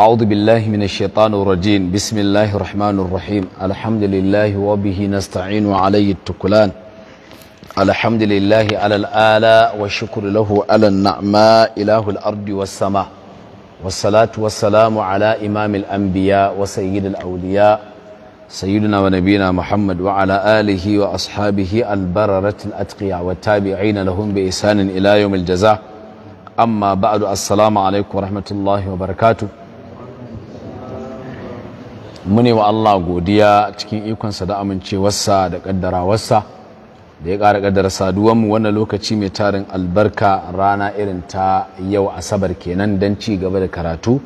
أعوذ بالله من الشيطان الرجيم بسم الله الرحمن الرحيم الحمد لله وبه نستعين وعليه التكلان الحمد لله على الآلاء والشكر له على النعماء إله الأرض والسماء والصلاة والسلام على إمام الأنبياء وسيد الأولياء سيدنا ونبينا محمد وعلى آله وأصحابه البررة الأتقياء والتابعين لهم بإحسان إلى يوم الجزاء أما بعد السلام عليكم ورحمة الله وبركاته mune wa Allah godiya cikin ikonsa da amincewarsa da ƙaddarawarsa da ya ƙara ƙaddara saduwanmu wannan lokaci mai tarin albarka rana irin ta yau asabar kenan don ci gaba da karatu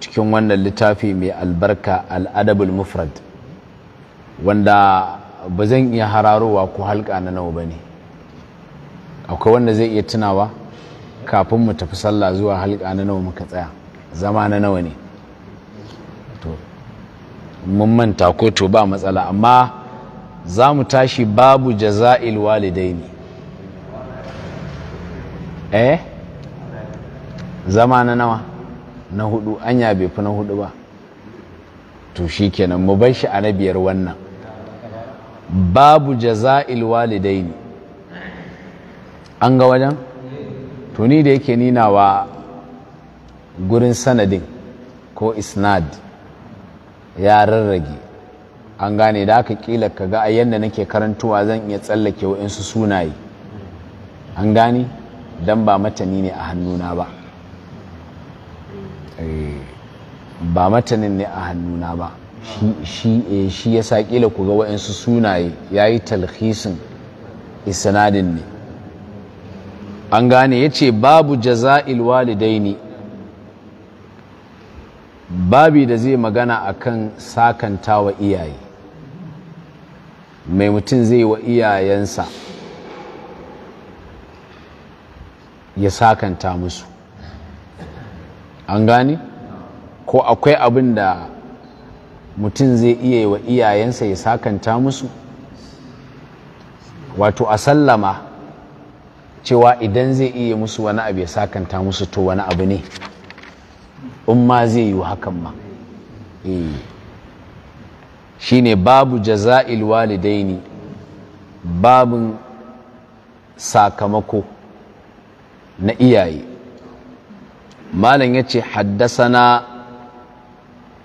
cikin wannan littafi mai albarka al'adabul mufrad wanda ba zan iya hararowa ko halka na nawa ba ne akwai wanda zai iya tunawa kafin mu tafi sallah zuwa halka na nawa muka tsaya zama na nawa ne mun manta ko to ba matsala amma za mu tashi babu jaza'il walidaini eh zama na nawa na hudu anya bai fi na hudu ba to shi kenan mu bar shi a na biyar wannan babu jaza'il walidaini an ga wajen tuni da yake ninawa gurin sanadin ko isnad ya rarrage an gane da aka kila ka ga a yadda nake karantuwa zan iya tsallake wa'insu sunaye an gane don ba matani ne a hannuna ba eh, ba matanin ne a hannuna ba eh, shi ya sa kila ku ga wa'insu sunaye ya yi talhisin isnadin ne an gane ya ce babu jaza'il walidaini babi da zai magana akan sakanta wa iyaye mai mutum zai wa iyayensa ya sakanta musu an gane ko akwai abin da mutum zai iya wa iyayensa ya sakanta musu wato a sallama cewa idan zai iya musu wani abu ya sakanta musu to wani abu ne in ma zai yi hakan ma eh. shi ne babu jaza'il walidaini babin sakamako na iyaye malam ya ce haddasana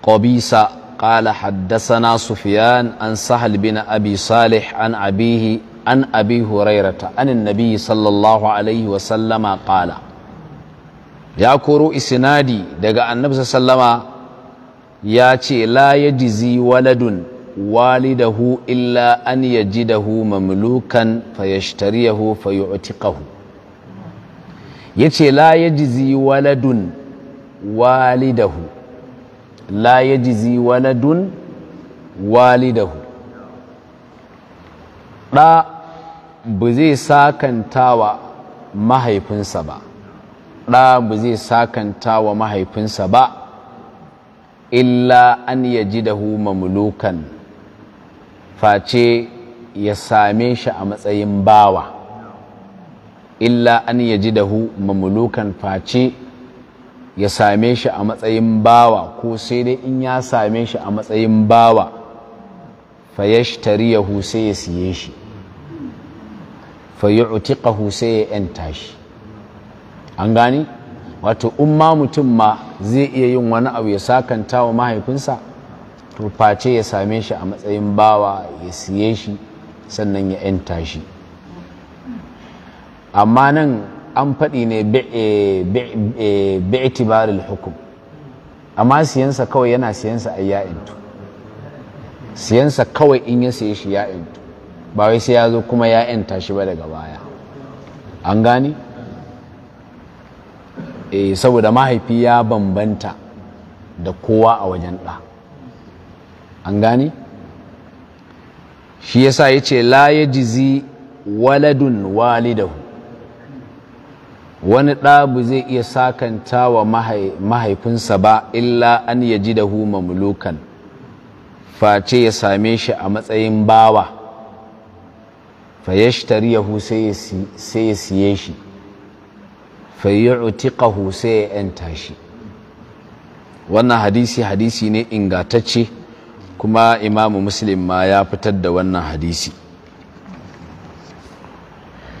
ƙobisa ƙala haddasana sufiyan an sahal bin abi salih an abihi an abi hurairata anin nabi sallallahu alaihi wasallama ƙala ya koro isinadi daga annabsa sallama ya ce la jizi waladun walidahu illa an yajidahu mamlukan fayashtariyahu fayu'tiqahu yace la yajzi waladun walidahu la yajzi waladun walidahu ɗa ba zai sakantawa mahaifinsa ba ɗa ba zai sakanta wa mahaifinsa ba illa an ya ji dahu mamlukan face ya same shi a matsayin bawa illa an ya ji dahu mamlukan face ya same shi a matsayin bawa ko sai dai in ya same shi a matsayin bawa fayashtariyahu sai ya siye shi fayu'tiqahu sai ya 'yanta shi an gani wato umma mutum ma zai iya yin wani abu ya sakanta wa mahaifinsa to face ya same shi a matsayin bawa ya siye shi sannan ya yanta shi amma nan an faɗi ne bi'tibaril e, e, hukum amma siyansa kawai yana siyansa a ya'intu siyansa kawai in ya siye shi ya'intu ba wai sai ya zo kuma ya'inta shi ba daga baya an gani E, saboda mahaifi ya bambanta da kowa a wajen ɗa an gani? shi yasa ya ce la ya jizi waladun walidahu wani ɗabu zai iya sakanta wa mahaifinsa ba illa an ya ji dahu mulukan. face ya same shi a matsayin bawa fa ya shi sai ya siye shi fayyu'tiqahu sai ya yanta shi wannan hadisi hadisi ne ingatacce kuma imamu muslim ma ya fitar da wannan hadisi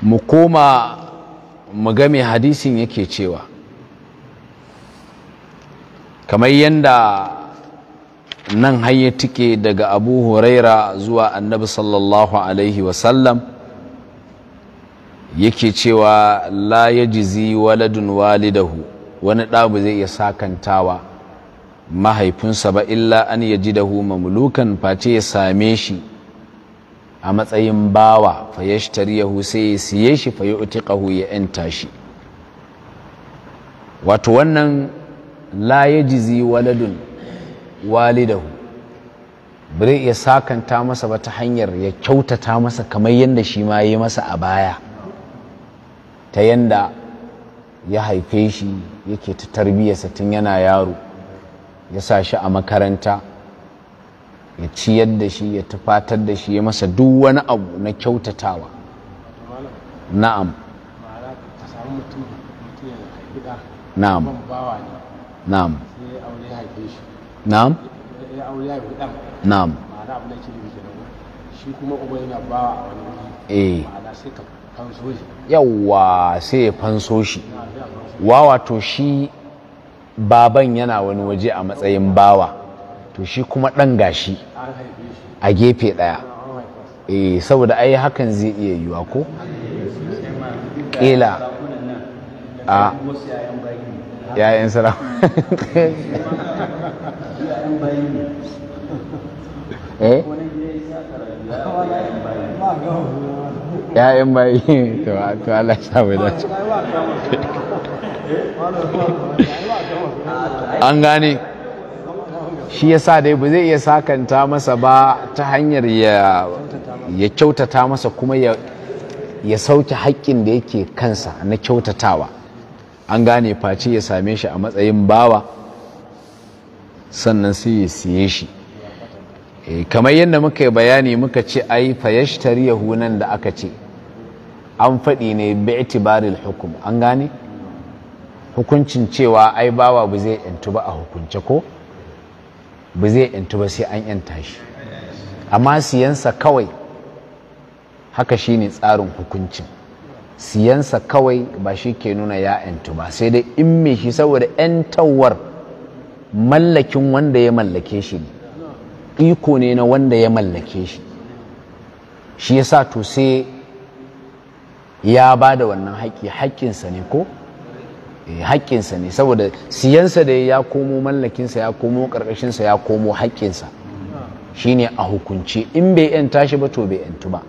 mu koma mu game hadisin yake cewa kamar yadda nan hanyar tike daga abu huraira zuwa annabi sallallahu alaihi wasallam yake cewa la jizi waladun walidahu wani ɗab'u zai iya sakantawa mahaifinsa ba illa an dahu mamulukan face ya same shi a matsayin bawa fa yahu sai ya siye shi fa yu'tiqahu ya yanta shi wato wannan la yajizi waladun walidahu bare ya sakanta masa ba ta hanyar ya kyautata masa kamar yadda shi ma yi masa a baya ta yanda ya haife shi yake ta tarbiyyarsa tun yana yaro ya sa shi a makaranta ya ciyar da shi ya tufatar da shi ya masa duk wani abu na kyautatawa na'am na'am na'am na'am na'am Na'am. na'am na'am na'am na'am na'am na'am na'am na'am na'am yawwa sai ya fanso shi wawa to shi baban yana wani waje a matsayin bawa to shi kuma ɗan gashi a gefe ɗaya eh saboda ai hakan zai iya yiwa ko ƙila a eh? yayan sara eh 'ya'yan bayi to Allah ya bai dace an gane shi yasa dai ba zai iya sakanta masa ba ta hanyar ya kyautata masa kuma ya sauke haƙƙin da yake kansa na kyautatawa an gane face ya same shi a matsayin bawa sannan sai ya siye shi eh, kamar yadda muka yi bayani muka ce ai fayashtari yahunan da aka ce an faɗi ne bi itibaril hukum an gane hukuncin cewa ai bawa ba zai yantu ba a hukunce ko ba zai yantu ba sai an yanta shi amma siyansa kawai haka shine tsarin hukuncin siyansa kawai ba shi ke nuna ya yantu ba sai dai in me shi saboda yantawar mallakin wanda ya mallake shi ne iko ne na wanda ya mallake shi shi yasa to sai ya ba da wannan haƙƙi haƙƙinsa ne ko eh, haƙƙinsa ne saboda siyansa da ya komo mallakinsa ya komo ƙarƙashinsa ya komo haƙƙinsa Shi ne a hukunce in bai yan tashi ba to bai yantu ba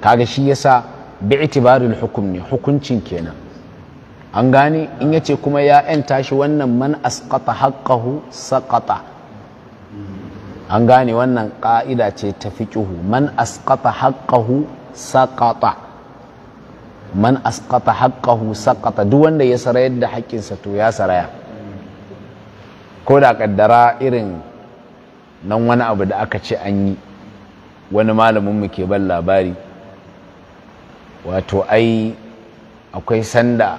kaga shi yasa bi itibarul hukum ne hukuncin kenan an gane in yace kuma ya yan tashi wannan man asqata haqqahu saqata an gane wannan ƙa'ida ce ta fiqhu man asqata haqqahu saqata man asqata haqqahu saqata duk wanda ya sarayar da haƙƙinsa to ya saraya ko da ƙaddara irin nan wani abu da aka ce an yi wani malamin mu ke ban labari wato ai akwai sanda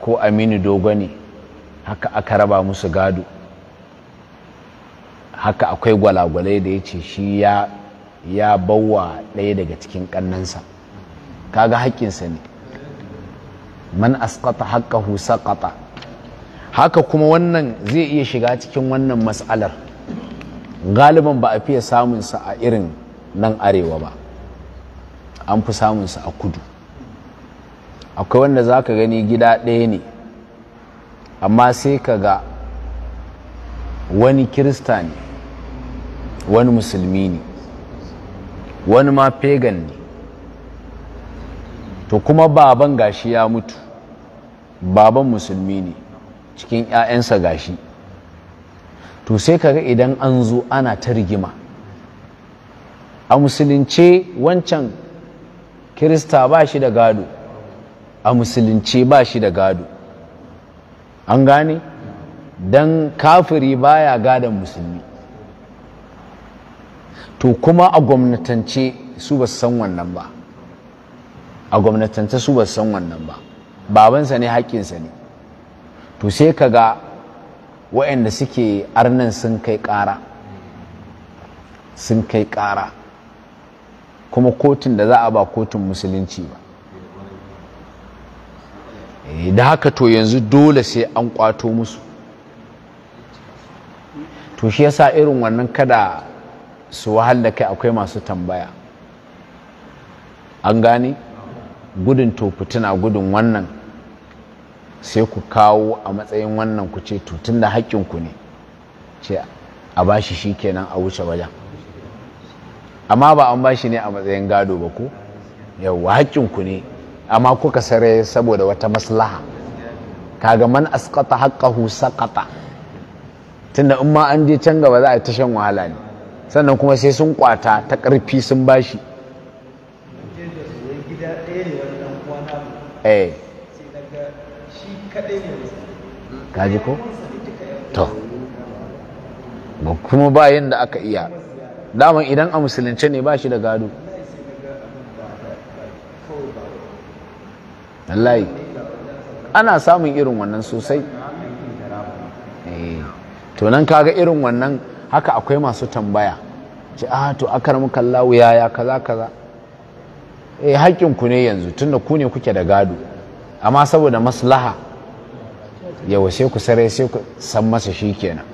ko aminu dogo ne haka aka raba musu gado haka akwai gwalagwalai da ya ce shi ya bawa ɗaya daga cikin ƙannansa kaga haƙƙinsa ne man asqata haqqahu saqata haka kuma wannan zai iya shiga cikin wannan mas'alar galiban ba a fiye samun sa a irin nan arewa ba an fi samun sa a kudu akwai wanda zaka gani gida ɗaya ne amma sai ka ga wani kirista ne wani musulmi ne wani ma pagan ne to kuma baban gashi ya mutu baban musulmi ne cikin 'ya'yansa gashi to sai kaga idan an zo ana ta rigima a musulunce wancan kirista ba shi da gado a musulunce ba shi da gado an gane don kafiri baya gadon musulmi to kuma a gwamnatance su ba san wannan ba a gwamnatance su ba san wannan ba babansa ne haƙƙinsa ne to sai ka ga waɗanda suke arnan sun kai ƙara sun kai ƙara kuma kotun da za a ba kotun musulunci ba eh, da haka to yanzu dole sai an kwato musu to shi yasa irin wannan kada su wahal da kai akwai masu tambaya an gane gudun to fitina gudun wannan sai ku kawo a matsayin wannan ku ce tutun da haƙƙinku ne ce a bashi shi kenan a wuce wajen amma ba an bashi ne a matsayin gado ba ko yawwa haƙƙinku ne amma kuka sare saboda wata maslaha kaga man asqata haqqahu saqata tunda in ma an je can gaba za a ta shan wahala ne sannan kuma sai sun kwata ta ƙarfi sun bashi eh kaji ko to Ba kuma ba yanda aka iya daman idan a musulunce ne ba shi da gado wallahi ana samun irin wannan sosai eh. to nan kaga irin wannan haka akwai masu tambaya ce a ah, to akar muka wuya ya kaza kaza eh hakkin ku ne yanzu tunda ku ne kuke da gado amma saboda maslaha yawa sai ku sare sai ku san masa shi kenan.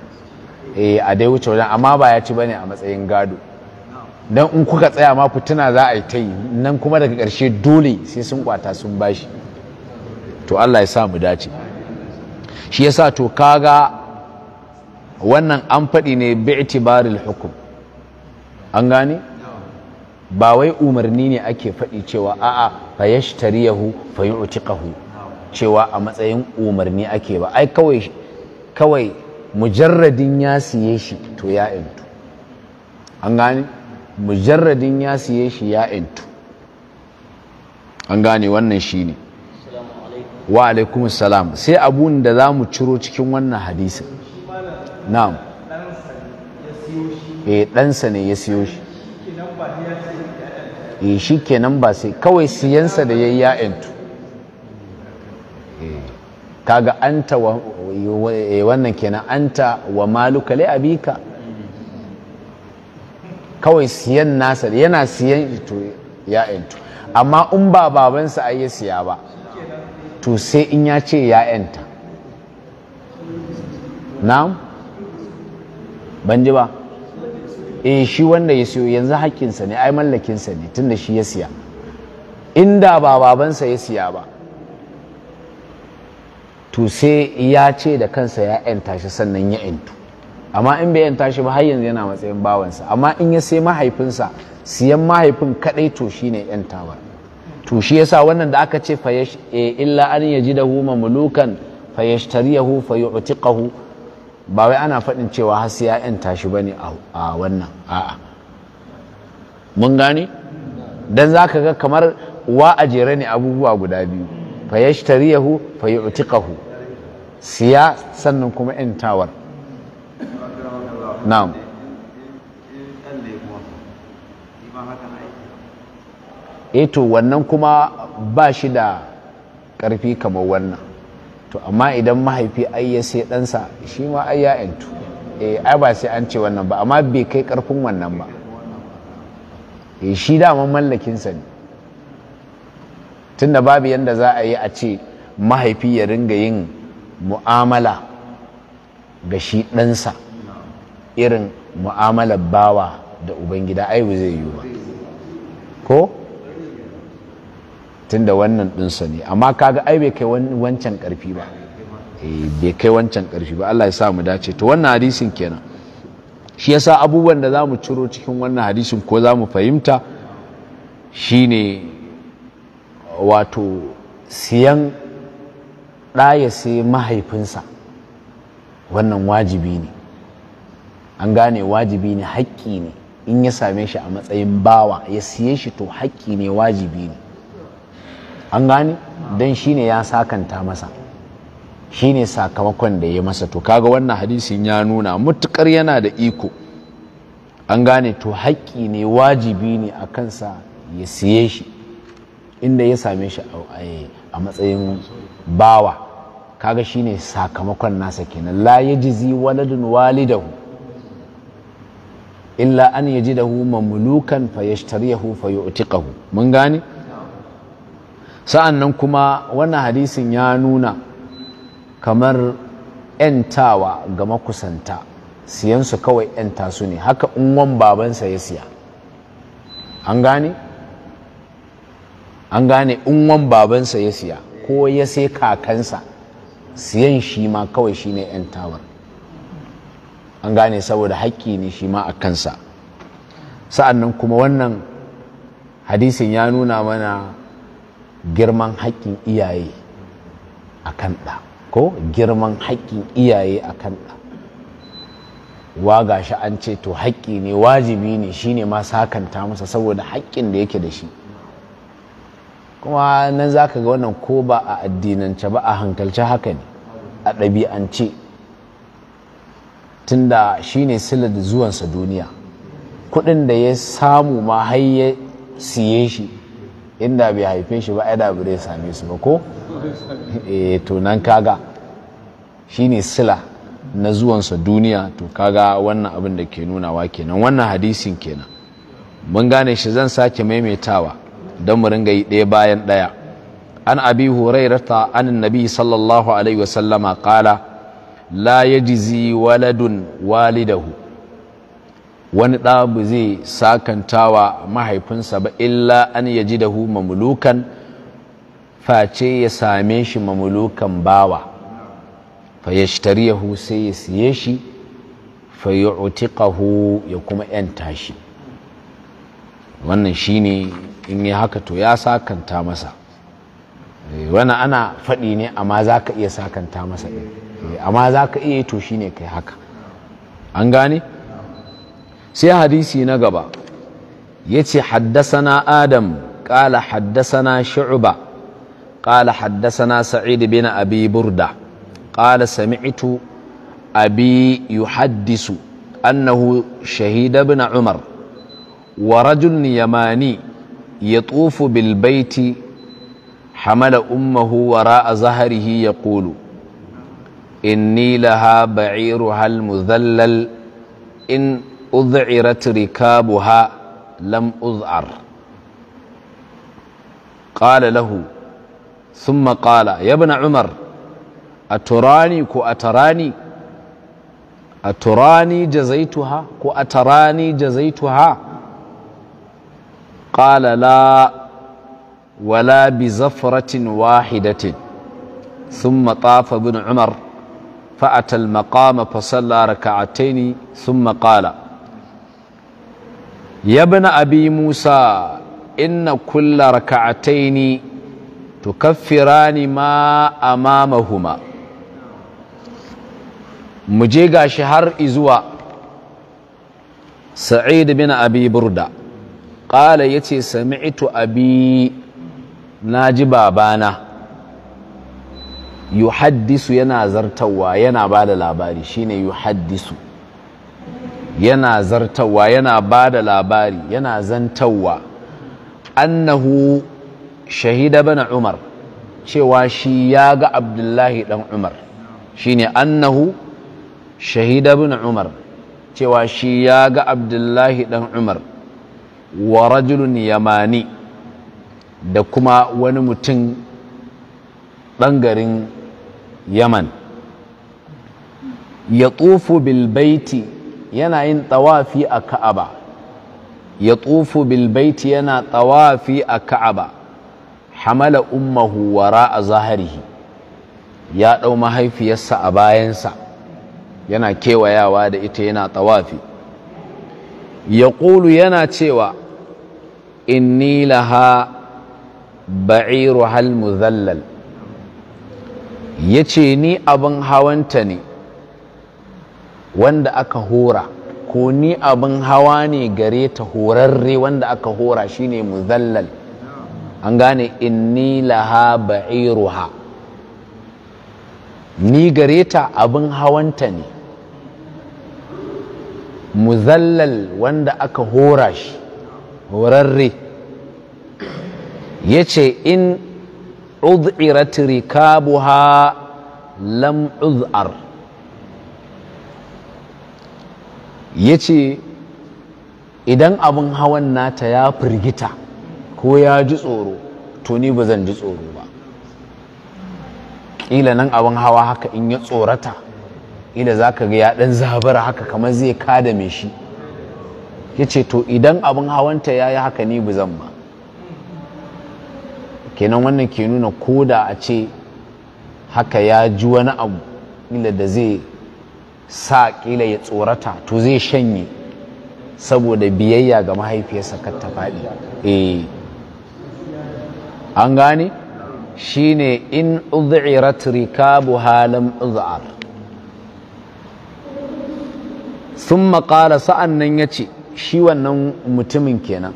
eh a dai wuce wajen amma ba ya ci bane a matsayin gado dan in kuka tsaya ma tuna za a yi ta yi nan kuma daga ƙarshe dole sai sun kwata sun bashi to Allah ya sa mu dace shi yasa to kaga wannan an faɗi ne bi'tibaril hukum an gane ba wai umarni ne ake faɗi cewa a'a fa yashtariyahu fa yu'tiqahu cewa a matsayin umarni ake ba ai kawai kawai mujarradin ya siye shi to ya intu an gane mujarradin ya siye shi ya intu an gane wannan shine wa alaikum salam sai abun da za mu ciro cikin wannan hadisin na'am eh ɗansa ne ya siyo shi Eh, shi kenan ba sai kawai siyansa da ya yi ya'yantu eh, kaga anta wa eh, wannan kenan anta wa maluka lai abika kawai siyan nasa yana siyan ito ya'yantu amma in ba babansa ai ya siya ba to sai in ya ce ya'yanta na ban ji ba eh shi wanda ya siyo yanzu haƙƙinsa ne ai mallakinsa ne tunda shi ya siya inda ba babansa ya siya ba to sai ya ce da kansa ya yanta shi sannan ya yantu amma in bai yanta shi ba har yanzu yana matsayin bawansa amma in ya sai mahaifinsa siyan mahaifin kadai to shi ne shine ba. to shi yasa wannan da aka ce fayash eh, illa an yajidahu mamlukan fayashtariyahu fayu'tiqahu ba wai ana faɗin cewa har sai ya'yan tashi ba ne a wannan a'a mun gane Dan za ka ga kamar wa a jere ne abubuwa guda biyu fa ya yahu fa ya utiƙahu siya sannan kuma yan tawar na'am eto eh wannan kuma ba shi da ƙarfi kamar wannan to amma idan mahaifi ai ya sai ɗansa shi ma ai ya yantu eh, ai ba sai an ce wannan ba amma bai kai ƙarfin wannan ba eh, shi dama mallakinsa ne tunda babu yadda za a yi a ce mahaifi ya ringa yin mu'amala ga shi ɗansa irin mu'amalar bawa da ubangida ai zai yi ba ko da wannan ɗinsa ne amma kaga ai eh, bai kai wancan ƙarfi ba bai kai wancan karfi ba Allah ya sa mu dace to wannan hadisin kenan shi yasa abubuwan da zamu ciro cikin wannan hadisin ko zamu fahimta shine wato siyan ya sai mahaifinsa wannan wajibi ne an gane wajibi ne haƙƙi ne in ya same shi a matsayin bawa ya siye shi to haƙƙi ne wajibi ne an gane don shine ya sakanta masa shine sakamakon da ya masa to kaga wannan hadisin ya nuna mutukar yana da iko an gane to haƙƙi ne wajibi ne a kansa ya siye shi inda ya same shi a matsayin bawa kaga shine sakamakon nasa kenan la yajzi waladun walidahu illa an yajidahu mamlukan fayashtariyahu fayu'tiqahu mun gane sa'an nan kuma wannan hadisin ya nuna kamar ‘yantawa ga makusanta siyansu kawai ‘yanta su ne haka unwan babansa ya siya an gane? an gane unwan babansa ya siya ko ya sai kakansa siyan shi ma kawai shi ne ‘yantawar an gane saboda haƙƙi ne shi ma a kansa sa'an nan kuma wannan hadisin ya nuna mana girman haƙƙin iyaye a kan ɗa ko girman haƙƙin iyaye a kan ɗa wa shi an ce to haƙƙi ne wajibi ne shine ma sakanta masa saboda haƙƙin da yake da shi kuma nan za ka ga wannan ko ba a addinance ba a hankalce haka ne a ɗabi'ance tunda shine ne sila da zuwansa duniya kuɗin da ya samu ma har ya siye shi inda bai haife shi ba da bai same su ba ko e to nan kaga ne sila na zuwansa duniya to kaga wannan abin da ke nunawa kenan wannan hadisin kenan mun gane shi zan sake maimaitawa don mu ringa yi ɗaya bayan ɗaya an abi hurairata an nabi sallallahu alaihi wasallama kala la yajzi waladun walidahu wani ɗa ba zai sakantawa mahaifinsa ba illa an ya ji da hu mamulukan face ya same shi mamulukan bawa fayashtariyahu sai ya siye shi fayu'tiqahu ya kuma ‘yan tashi. wannan shine in yi haka to ya sakanta masa eh, wani ana faɗi ne amma za ka iya sakanta masa ɗin eh, amma za ka iya to shine kai haka an gane sai hadisi na gaba yace haddasana adam qala haddasana shu'ba qala haddasana sa'id bin abi burda qala sami'tu abi yuhaddisu annahu shahida bin umar wa rajul yamani bilbaiti hamala baiti حمل أمه وراء ظهره يقول إني لها hal المذلل in أذعرت ركابها لم أذعر قال له ثم قال يا ابن عمر أتراني كو أتراني أتراني جزيتها كو أتراني جزيتها قال لا ولا بزفرة واحدة ثم طاف ابن عمر فأتى المقام فصلى ركعتين ثم قال ya bi na abi musa inna kulla raka'ataini tukaffirani ma amamahuma mu je gashi har izuwa sa'id bin abi burda qala yace sami'tu abi naji babana yuhaddisu yana zartawa yana bada labari shine yuhaddisu yana zartawa yana ba da labari yana zantawa annahu shahida bana umar cewa shi ya ga abdullahi dan umar ne annahu shahida bana umar cewa shi ya ga abdullahi dan umar wa rajulun yamani da kuma wani mutum garin yaman ya tsufu bilbaiti yana yin tawafi a ka'aba ya tufu bilbaiti yana tawafi a ka'aba hamala ummahu wara a zahari ya ɗau mahaifiyarsa a bayansa yana kewayawa da ita yana tawafi ya ƙulu yana cewa inni laha ba'iru hal muzallal ya ce ni abin hawanta ne wanda aka hora ko ni abin hawa ne gare ta horarre wanda aka hora shine muzallal an gane inni laha ba'iruha ni gare ta abin hawanta ne muzallal wanda aka hora shi horarre ya ce in uz'irat rikabuha lam uz'ar ya ce idan abin hawan nata ya firgita ko ya ji tsoro to ni ba zan ji tsoro ba ƙila nan abin hawa haka in ya tsorata ila za ka ga ya ɗan zabara haka kamar zai kada mai shi ya ce to idan abin hawanta ya yi haka ni ba zan ba kenan wannan ke nuna koda a ce haka ya ji wani abu ila da zai sa ƙila ya tsorata to zai shanye saboda biyayya ga mahaifiyarsa kar ta faɗi eh an gane shine in udhirat rikabu halam udhar thumma qala sa'an nan yace shi wannan mutumin kenan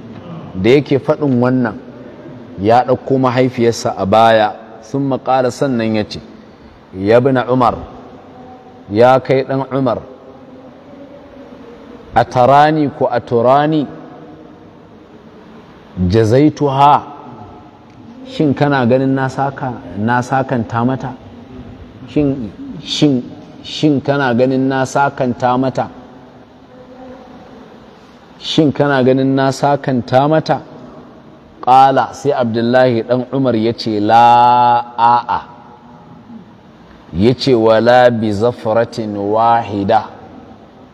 da yake faɗin wannan ya ɗauko mahaifiyarsa a baya Sun qala sannan yace ya ibn umar ya kai ɗan umar a tarani ko a turani jazaituha shin kana ganin na sakanta mata shin kana ganin na sakanta mata shin kana ganin na sakanta mata ƙala sai abdullahi ɗan umar ya ce la ya ce wala bi zafaratin wahida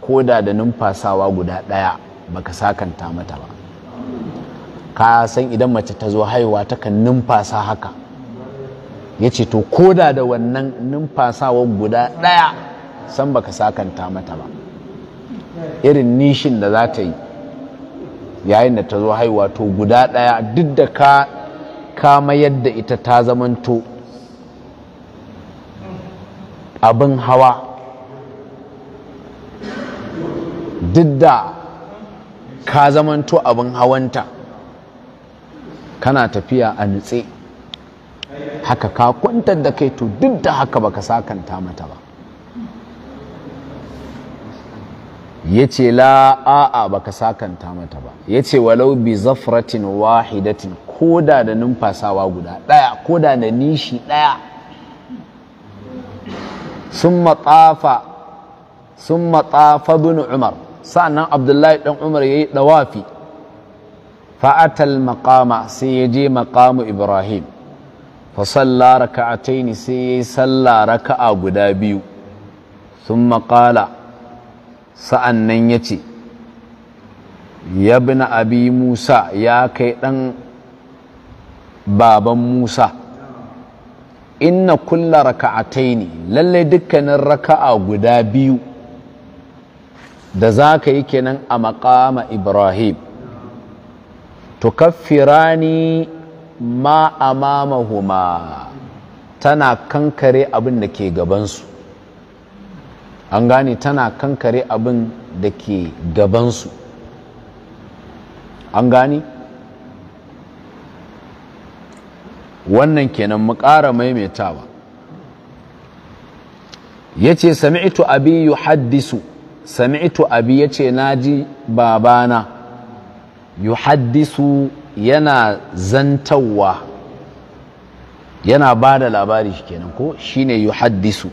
ko da da numfasawa guda ɗaya baka sakanta mata ba ka san idan mace ta zo haihuwa takan numfasa haka ya ce to ko da da wannan numfasawa guda ɗaya san baka sakanta mata ba irin nishin da za ta yi yayin da ta zo haihuwa to guda ɗaya duk da ka kama yadda ita ta zamanto abin hawa duk da ka zamanto abin hawanta kana tafiya a nutse haka ka kwantar da kai to duk da haka baka sakanta mata ba ya ce la a'a baka sakanta mata ba ya ce walau bi zafratin wahidatin koda da numfasawa guda ɗaya koda da nishi ɗaya Sun tafa bin umar sa'annan abdullahi dan umar yayi dawafi fa'atal maqama sai yaje je ibrahim fa salla raka'ataini sai yayi salla raka'a guda biyu thumma qala sa'annan yace ya abi musa ya kai ɗan baban musa inna kulla raka'ataini lalle dukkanin raka'a guda biyu da za ka yi kenan a makama ibrahim tukaffirani ma amamahuma tana kankare abin da ke gabansu an gane tana kankare abin da ke gabansu an gane wannan kenan mu ƙara maimaitawa ya ce sami'tu abi yu haddisu sami'tu abi ya ce na ji babana yu haddisu yana zantawa yana ba da labari kenan ko Shi ne yu haddisu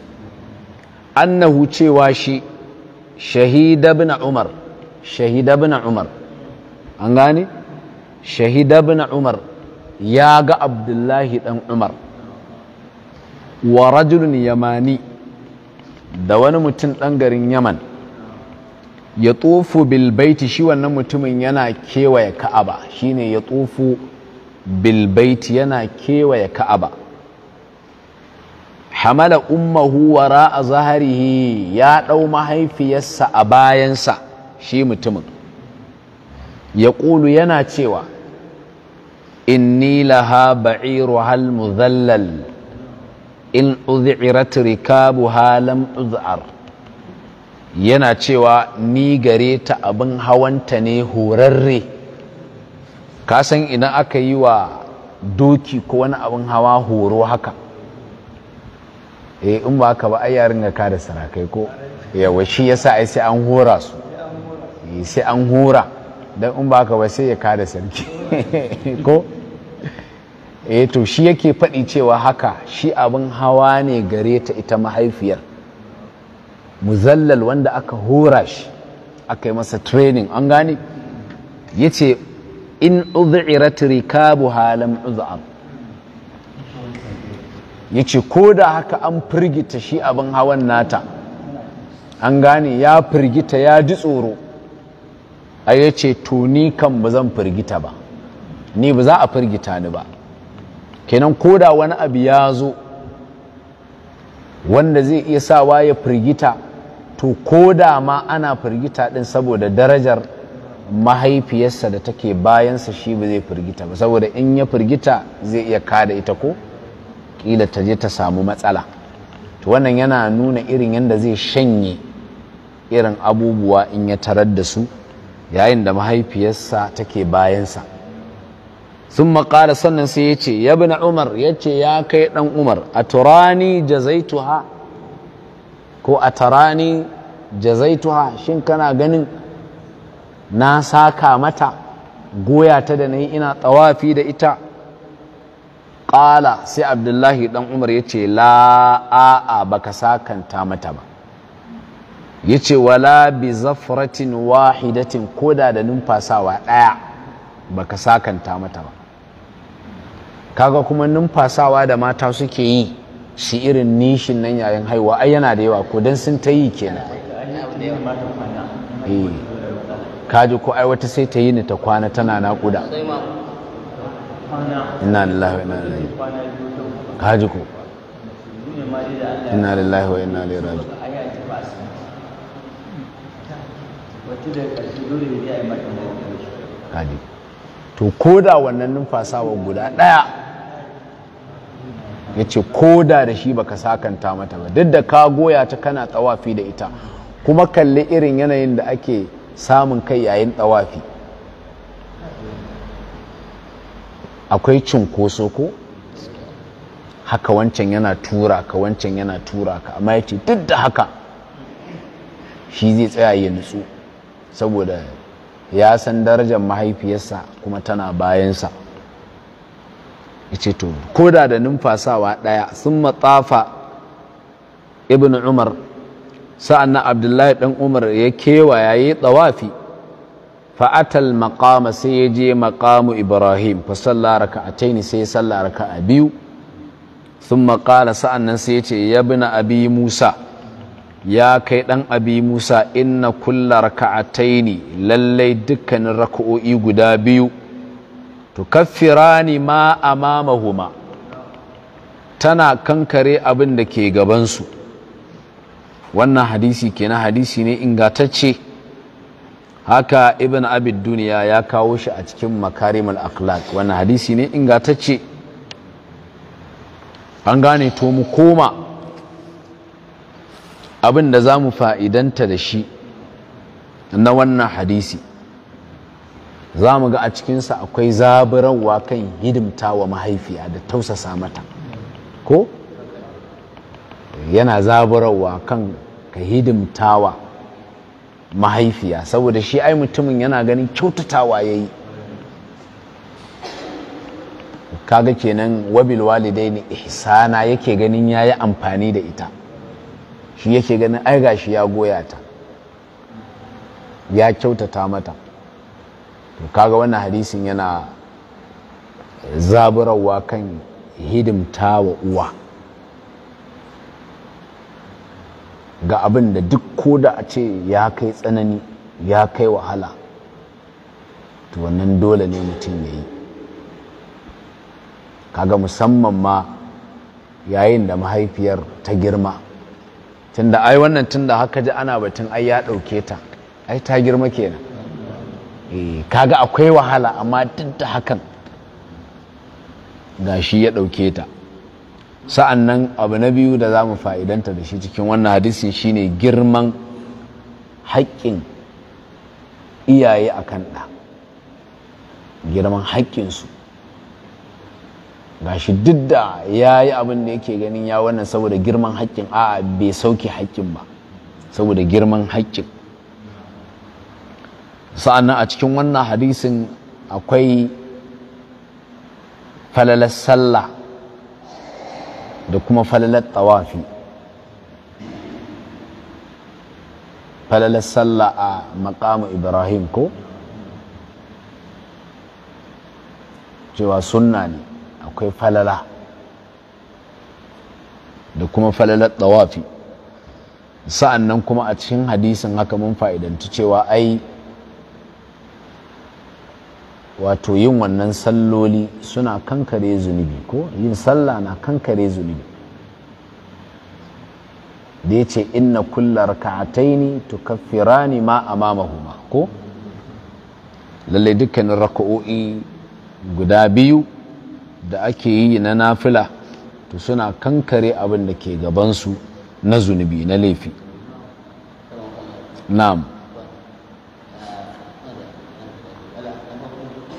annahu cewa shi shahida bin umar shahida bin umar an gane shahida bin umar ya ga abdullahi ɗan umar wa rajulun yamani da wani mutum ɗan garin yaman ya tsofu bilbaiti shi wannan mutumin yana kewaye ka'aba shine ya tsofu bilbaiti yana kewaye ka'aba hamala ummahu wara a zaharihi ya ɗau mahaifiyarsa a bayansa shi mutumin ya ƙulu yana cewa inni laha ba'iru hal muzallal in uz'irat rikabuha lam uz'ar yana cewa ni gare ta abin hawanta ne horarre ka san idan aka yi wa doki ko wani abin hawa horo haka eh in ba haka ba ai yarin ka da sarakai ko yawa shi yasa ai sai an hora su eh, sai an hora don in ba ba sai ya kada sarki ko eh to shi yake faɗi cewa haka shi abin hawa ne gare ta ita mahaifiyar muzallal wanda aka hora shi aka yi masa training an gane ya ce in uz'irat rikabu halam uz'ab ya ce ko da haka an firgita shi abin hawan nata an gane ya firgita ya ji tsoro a yace to ni kan ba zan firgita ba ni ba za a firgita ni ba kenan koda wani abu ya zo wanda zai iya sawa ya firgita to koda ma ana firgita din saboda darajar mahaifiyarsa da take bayansa shi ba zai firgita ba saboda in ya firgita zai iya kada ita ko kila ta je ta samu matsala to wannan yana nuna irin yadda zai shanye irin abubuwa in ya tarar da su yayin da mahaifiyarsa take bayansa sun maƙala sannan sai ya ce ya umar ya ce ya kai ɗan umar a turani jazaituha ko a tarani jazaituha shin kana ganin na saka mata goya ta da na yi ina tsawafi da ita ƙala sai abdullahi ɗan umar ya ce la'a'a baka sakanta mata ba ya ce wala bi zafratin wahidatin koda da numfasawa ɗaya baka sakanta mata ba kaga kuma numfasawa da mata suke yi shi irin nishin nan yayin haihuwa ai yana da yawa ko dan sun ta yi kenan eh, kaji ko ai wata sai ta yi ni ta kwana tana naƙuda inna lillahi wa inna ilaihi kaji ko inna lillahi wa inna ilaihi raji kaji to ko da wannan numfasawa guda ɗaya ya ce ko da da shi baka sakanta mata ba duk da ka goya ta kana tsawafi da ita kuma kalli irin yanayin da ake samun kai yayin tsawafi akwai cunkoso ko haka wancan yana tura ka wancan yana tura ka amma ya ce duk da haka shi zai tsaya ya nutsu saboda ya san darajar mahaifiyarsa kuma tana bayansa ya ce to koda da numfasawa ɗaya sun matsafa ibn umar sa'an na abdullahi ɗan umar ya kewa ya yi tsawafi fa'atal maƙama sai ya je maƙamu ibrahim fa sallah a taini sai ya raka a biyu sun maƙala sa'an nan sai ya ce ya bi na abi musa ya kai ɗan abi musa inna ka a taini lallai dukkanin raka'o'i guda biyu tukaffirani ma amamahuma tana kankare abin da ke gabansu wannan hadisi kenan hadisi ne ingatacce haka ibn abid duniya ya kawo shi a cikin makarimul akhlaq wannan hadisi ne ingatacce an gane to mu koma abin da za mu fa'idanta da shi na wannan hadisi za mu ga a cikinsa akwai zaburarwa kan hidimta wa mahaifiya da tausasa mata ko yana zaburarwa kan ka hidimtawa mahaifiya saboda shi ai mutumin yana ganin kyautatawa ya yi kaga kenan wabil walidai ne ihsana yake ganin ya yi amfani da ita shi yake ganin ai gashi ya goya ta ya kyautata mata kaga wannan hadisin yana zaburarwa kan hidimta wa uwa ga abin da duk ko da a ce ya kai tsanani ya kai wahala to wannan dole ne mutum ya yi kaga musamman ma yayin da mahaifiyar ta girma tunda ai wannan tunda haka ji ana batun ai ya ɗauke ta ai ta girma kenan Eh, kaga akwai wahala amma duk da hakan shi ya ɗauke ta sa'an nan abu na biyu da za mu fa'idanta da shi cikin wannan hadisin shine girman haƙƙin iyaye a kan ɗa girman haƙƙinsu gashi duk da ya yi abin da yake ganin ya wannan saboda girman haƙƙin a'a bai sauke haƙƙin ba saboda girman haƙƙin sa'annan a cikin wannan hadisin akwai falalar sallah da kuma falalar tawafi falalar sallah a makamu ibrahim ko cewa sunna ne akwai falala da kuma falalar tawafi sa'annan kuma a cikin hadisin haka mun fa'idanci cewa ai wato yin wannan salloli suna kankare zunubi ko yin sallah na kankare zunubi da ya ce inna kulla raka'ataini tukaffirani ma a mamahuma ko lallai dukkanin raka'o'i guda biyu da ake yi na nafila to suna kankare abin da ke gabansu na zunubi na laifi na'am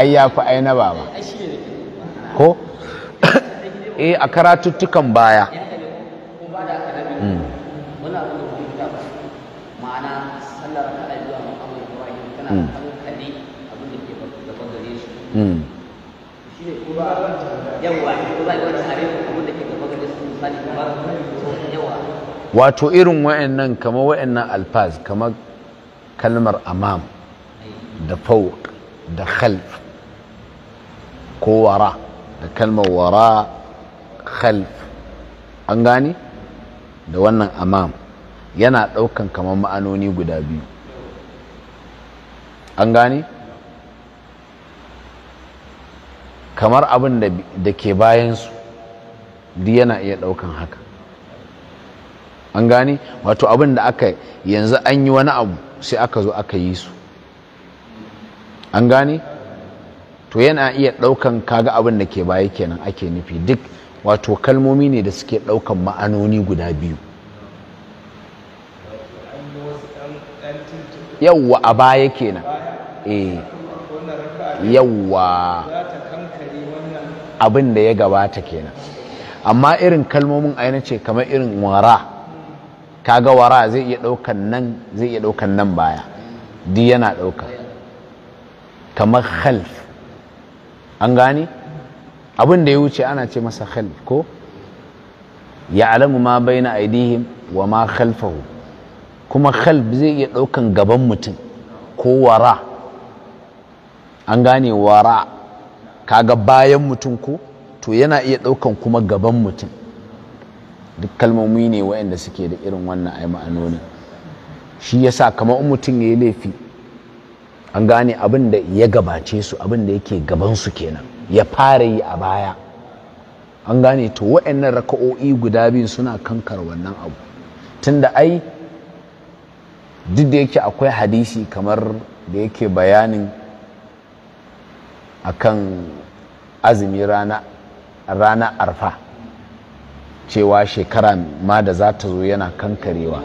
ai ya fi aina ba baba ko eh a karatuttukan baya hmm. Hmm. wato irin wa'annan kama wa'annan alfaz kama kalmar amam da fauk da khalf ko wara da kalmar wara khalf an gane da wannan amam yana ɗaukan kamar ma'anoni guda biyu an gane kamar abin da ke bayansu duk yana iya ɗaukan haka an gane wato abin da aka yanzu an yi wani abu sai aka zo aka yi su an gane to yana iya ɗaukan kaga abin da ke baya kenan ake nufi duk wato kalmomi ne da suke ɗaukan ma'anoni guda biyu yawwa a baya kenan eh yawwa abin da ya gabata kenan amma irin kalmomin aina ce kamar irin wara kaga wara zai iya ɗaukan nan zai iya ɗaukan nan baya Di yana ɗauka kamar khalf an gane abin da ya wuce ana ce masa khalf ko ya alamu ma baina aidihim wa ma khalfahu kuma khalf zai iya ɗaukan gaban mutum ko wara an gane wara kaga bayan mutum ko to yana iya ɗaukan kuma gaban mutum duk kalmomi ne waɗanda suke da irin wannan ai ma'anonin shi yasa kamar mutum ya yi laifi an gane abin da ya gabace su abin da yake su kenan ya fara yi a baya an gane to wa'annan raka'o'i guda biyu suna kankar wannan abu tunda ai duk da yake akwai hadisi kamar da yake bayanin akan azumi rana rana arfa cewa shekara ma da za ta zo yana kankarewa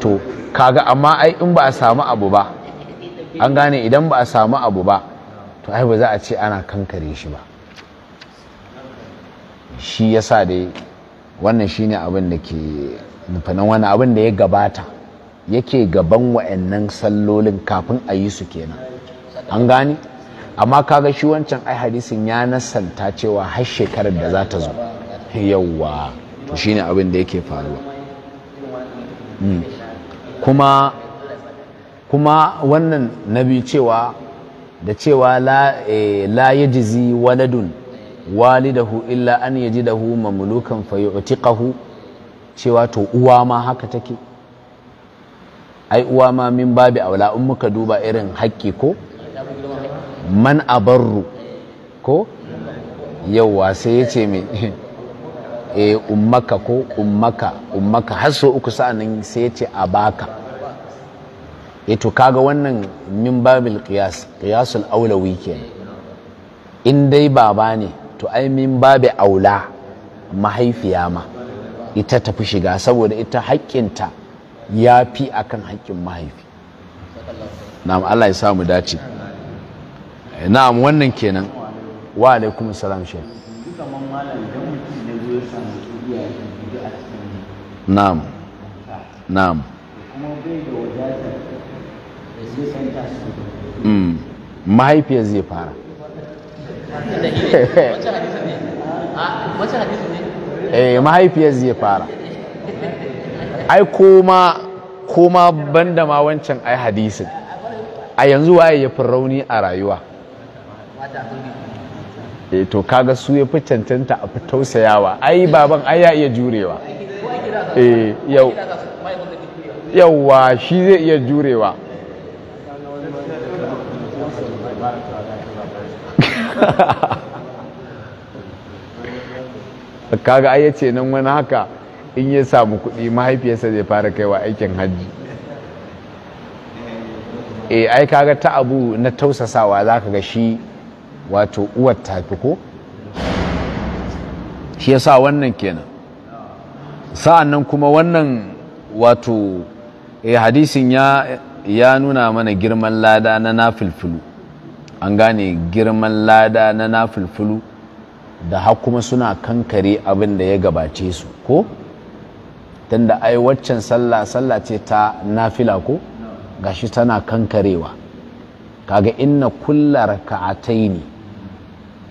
to kaga amma ai in ba a samu abu ba an gane idan ba a samu abu ba to ai ba za a ce ana kankare shi ba shi ya sa dai wannan shi ne abin da ke nufanin wani abin da ya gabata yake gaban wa'annan sallolin kafin a yi su kenan an gane amma kaga shi wancan ai hadisin ya nasanta cewa har shekarar da za ta zo yawwa to ne abin da yake faruwa hmm. kuma kuma wannan nabi cewa da cewa la eh, jizi waladun walidahu illa an yajidahu mamlukan fayu'tiqahu cewa to uwa ma haka take ai uwa ma min babi aula in muka duba irin haƙƙi ko man abarru ko yawwa sai ya ce mai e eh, ummaka ko ummaka ummaka har so uku sa'anin sai ya ce baka. Eh, to kaga wannan min babil qiyas qiyasul aulawi kenan in dai baba ne to ai min babi aula mahaifiya ma ita tafi shiga saboda ita haƙƙinta ya fi akan haƙƙin mahaifi na'am Allah ya sa mu dace eh, na'am wannan kenan wa alaikum salam shek na'am na'am Hmm. mahaifiyar zai fara eh mahaifiyar zai fara ai koma koma banda ma wancan ai hadisin a yanzu waye ya fi rauni a rayuwa eh to kaga su ya fi cancanta a fi tausayawa ai baban ai ya iya jurewa eh yau yauwa shi zai iya jurewa kaga ai yace nan wani haka in ya samu kuɗi mahaifiyarsa zai fara kaiwa aikin hajji e ai kaga ta abu na tausasawa zaka ga shi wato uwar tafi ko shi yasa wannan kenan sa'annan kuma wannan wato eh hadisin ya ya nuna mana girman lada na nafilfilu an gane girman lada na nafulfulu da har kuma suna kankare abin da ya gabace su ko tunda ai waccan sallah sallah ce ta nafila ko gashi tana kankarewa kaga inna kulla raka'ataini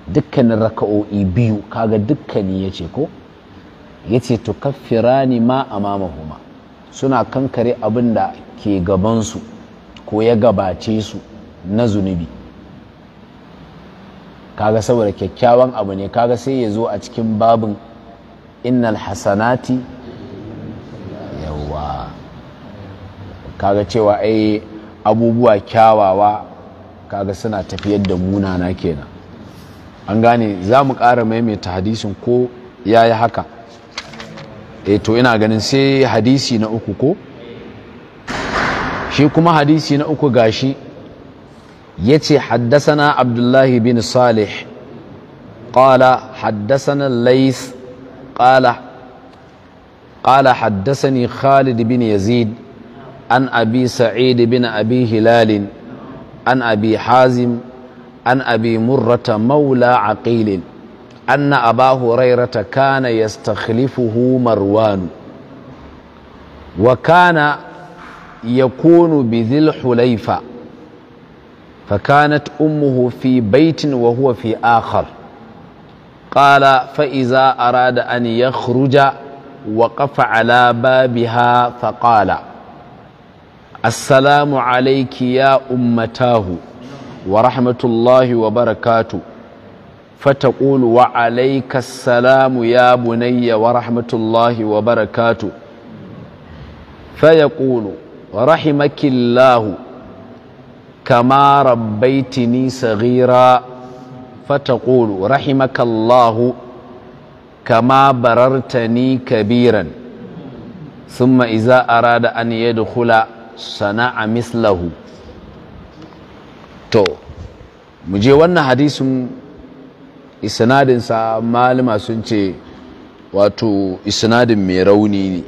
dukkanin raka'o'i biyu kaga dukkani yace ko yace tukaffirani ma amamahuma suna kankare abin da ke gabansu ko ya gabace su na zunubi kaga saboda kyakkyawan abu ne kaga sai ya zo a cikin babin innal hasanati yawa kaga cewa ai abubuwa kyawawa kaga suna tafiyar da munana kenan an gane za mu ƙara maimaita hadisin ko ya yi haka e to ina ganin sai hadisi na uku ko shi kuma hadisi na uku gashi yace haddasana abdullahi bin salih qala haddasana lais qala qala haddasani khalid bin yazid an abi sa'id bin abi hilalin an abi hazim an abi murrata maula aqil anna aba hurairata kana yastakhlifuhu marwan wa kana yakunu bidhil hulaifa فكانت أمه في بيت وهو في آخر قال فإذا أراد أن يخرج وقف على بابها فقال السلام عليك يا أمتاه ورحمة الله وبركاته فتقول وعليك السلام يا بني ورحمة الله وبركاته فيقول رحمك الله kama rabbaitini saghira fataqulu rahimakallahu kama barartani kabiran thumma idza arada an yadkhula sana'a mislahu to muje wannan hadisin isnadin malama sun ce wato isnadin mai rauni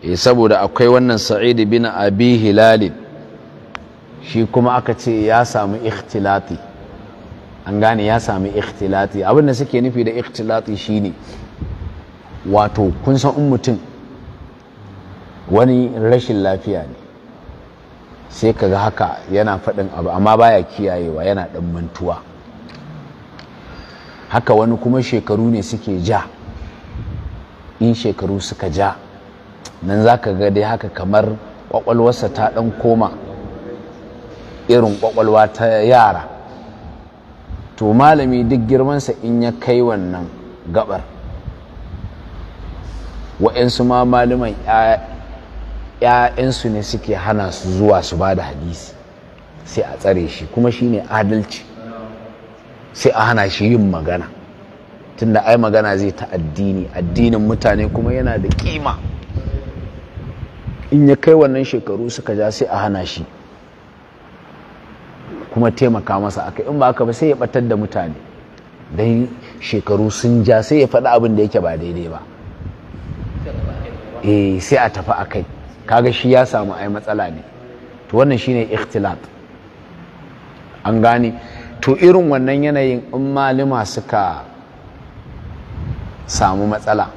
ne saboda akwai wannan sa'id bin abi hilalin shi kuma aka ce ya sami ikhtilati an gane ya sami ikhtilati abin da suke nufi da ikhtilati shine wato kun san in mutum wani rashin lafiya ne sai ga haka yana faɗin abu amma baya kiyayewa yana ɗan mantuwa haka wani kuma shekaru ne suke ja in shekaru suka ja nan za ka ga dai haka kamar ƙwaƙwalwarsa ta ɗan koma irin kwakwalwa ta yara to malami duk girmansa in ya kai wannan gabar wa'yansu ma malaman ‘ya'yansu ne suke hana su zuwa su ba da hadisi sai a tsare shi kuma shi ne adalci sai a hana shi yin magana tunda ai magana zai ta addini addinin mutane kuma yana da kima in ya kai wannan shekaru suka ja sai a hana shi kuma taimaka masa aka in ba haka ba sai ya batar da mutane dan shekaru sun ja sai ya faɗi abin da yake ba daidai ba eh sai a tafi a kai kaga shi ya samu ai matsala ne to wannan shine ikhtilat an gane to irin wannan yanayin in malima suka samu matsala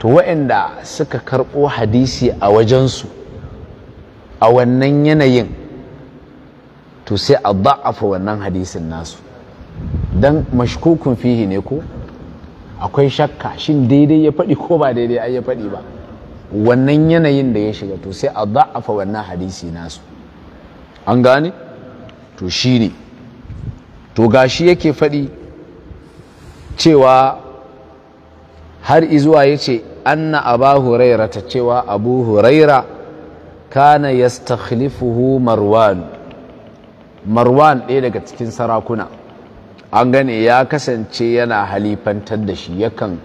to wa'inda suka karɓo hadisi a wajensu a wannan yanayin to sai a da'afa wannan hadisin nasu don mashkukun fihi ne ko akwai shakka shin daidai ya faɗi ko ba daidai ai ya faɗi ba wannan yanayin da ya shiga to sai a da'afa wannan hadisi nasu an gane to shi ne to gashi yake faɗi cewa har izuwa ya ce anna aba huraira ta cewa abu huraira kana yastakhlifuhu marwan marwan ɗaya daga cikin sarakuna an gane ya kasance yana halifantar da shi yakan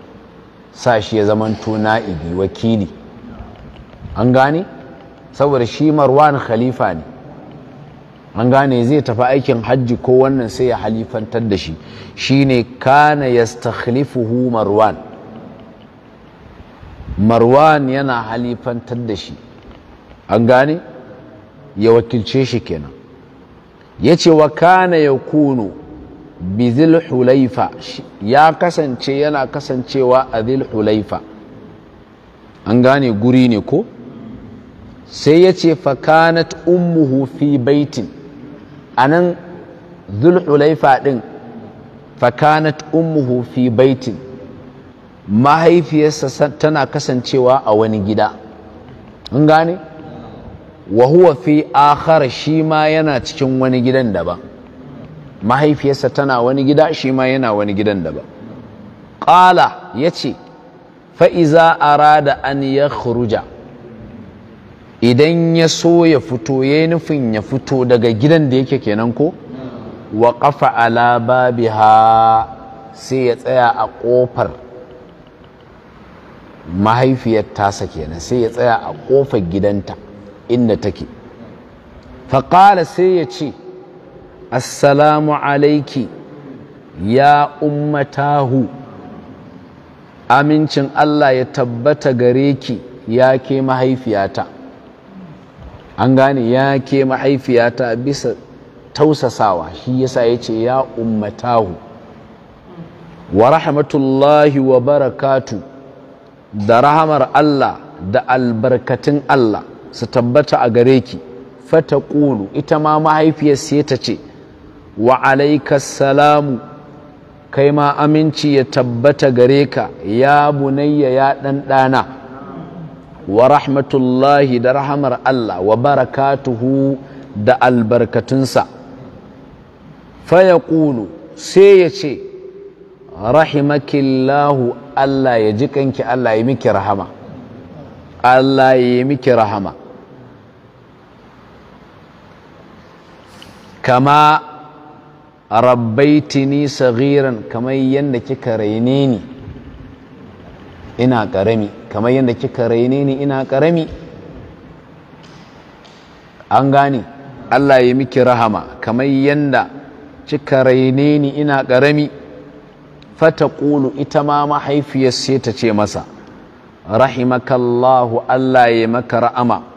sa shi ya zamanto ibi wakili an gane saboda shi marwan khalifa ne an gane zai tafi aikin hajji ko wannan sai ya halifantar da shi shi shine kana yastakhlifuhu marwan marwan yana halifantar da shi an gane ya wakilce shi kenan ya ce wa kana ya kunu bi hulaifa ya kasance yana kasancewa a hulaifa an gane guri ne ko sai ya ce fakanat ummuhu fi baitin a nan hulaifa ɗin fakanat ummuhu fi baitin mahaifiyarsa tana kasancewa a wani gida an gane wa huwa fi akhar shi ma yana cikin wani gidan daban mahaifiyarsa tana wani gida shi ma yana wani gidan daban qala yace Fa'iza a rada an yakhruja idan ya so ya fito ya nufin ya fito daga gidan da yake kenan ko wa qafa ala babiha sai ya tsaya a kofar mahaifiyar tasa kenan sai ya tsaya a ƙofar gidanta inda take faƙala sai ya ce assalamu alaiki ya ummatahu amincin Allah ya tabbata gare ki ya ke mahaifiyata an gane ya ke mahaifiyata bisa tausasawa shi yasa ya ce ya ummatahu wa rahmatullahi wa barakatu da rahamar Allah da albarkatun Allah su tabbata a gare ki fata ƙulu ita ma mahaifiyar sai ta ce wa salamu. kai ma aminci ya tabbata gare ka ya bunayya ya ɗanɗana wa rahmatullahi da rahamar Allah wa barakatuhu da albarkatunsa faya ƙulu sai ya ce rahimakillahu Allah ya ji kanki Allah ya miki rahama Allah ya miki rahama kama rabbaitini saghiran kamar yadda kika raine ni ina karami kamar yadda kika raine ni ina karami an gane Allah ya miki rahama kamar yadda kika raine ni ina karami fata ƙulu ita ma mahaifiyar sai ta ce masa rahimakallahu Allah ya maka ra'ama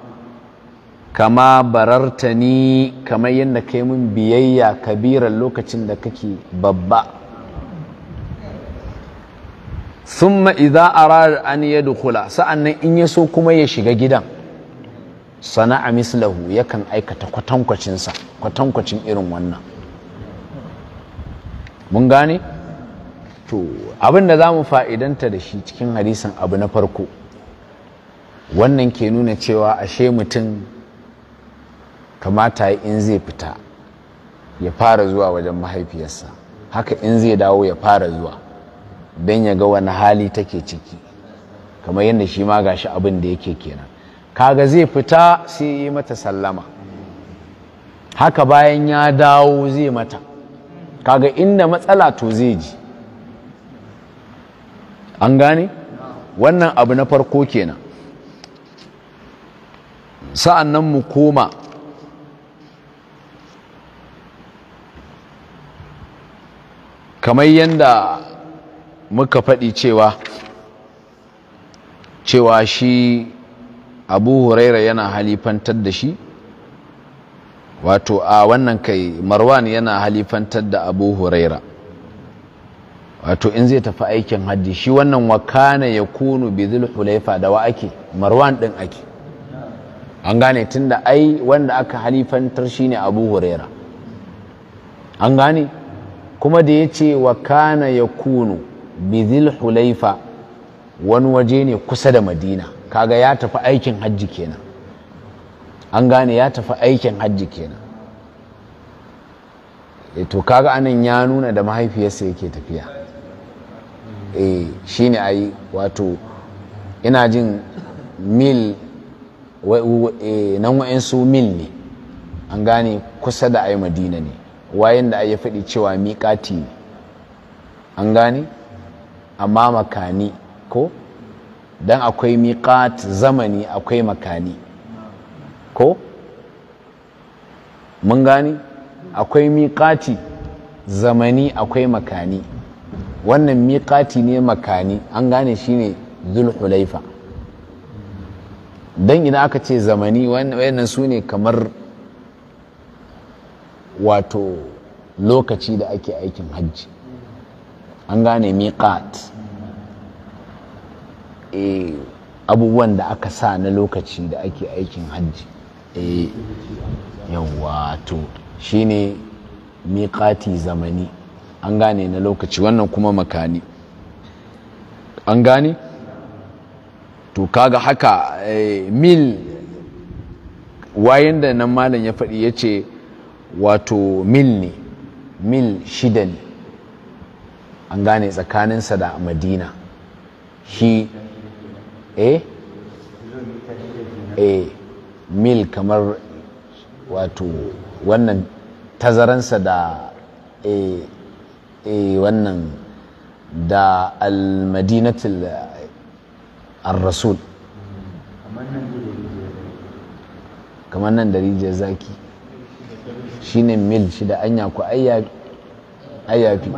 kama bararta ni kamar yadda ka yi min biyayya kabiran lokacin da kake babba Sun thumma a arada an sa'an sa'annan in ya so kuma ya shiga gidan sana'a mislahu yakan aikata kwatankwacinsa kwatankwacin irin wannan mun gane to abin da zamu fa'idanta da shi cikin hadisin abu na farko wannan ke nuna cewa ashe mutum kamata in zai fita ya fara zuwa wajen mahaifiyarsa haka in zai dawo ya fara zuwa don ya ga wani hali take ciki kamar yadda shi ma gashi abin da yake kenan kaga zai fita sai yi mata sallama haka bayan ya dawo zai mata kaga inda matsala to zai ji an gane wannan abu na farko kenan sa'an nan mu koma kamar yadda muka faɗi cewa cewa shi abu huraira yana halifantar da shi wato a wannan kai marwan yana halifantar da abu huraira wato in zai tafi aikin haddi shi wannan wakana ya kunu bizil hulaifa da wa ake marwan ɗin ake an gane tunda ai wanda aka halifantar shine abu huraira an gane kuma da ya ce wa kana ya kunu bizil hulaifa wani waje ne kusa da madina kaga ya tafi aikin hajji kenan an gane ya tafi aikin hajji kenan e, to kaga anan ya nuna da mahaifiyarsa yake tafiya e shine ayi wato ina jin mil e, nan wa'insu mil ne an gane kusa da ai madina ne wayan da ya faɗi cewa miƙati ne an gane amma makani ko don akwai miƙat zamani akwai makani ko mun gane akwai miƙati zamani akwai makani wannan miƙati ne makani an gane shine zulhulaifa don idan aka ce zamani wayannan su ne kamar wato lokaci da ake aikin hajji an gane miqat eh, abubuwan da aka sa na lokaci da ake aikin hajji e, eh, yawa to ne miƙati zamani an gane na lokaci wannan kuma makani an gane to kaga haka eh, mil wayan da nan malam ya faɗi ya ce wato mil ne mil shida ne an gane tsakaninsa da madina shi eh eh mil kamar wato wannan tazaransa da eh, eh wannan da almadinatul ar-rasul kamar nan da rijiyar zaki shine mil shida anya ku ayyafi ayyafi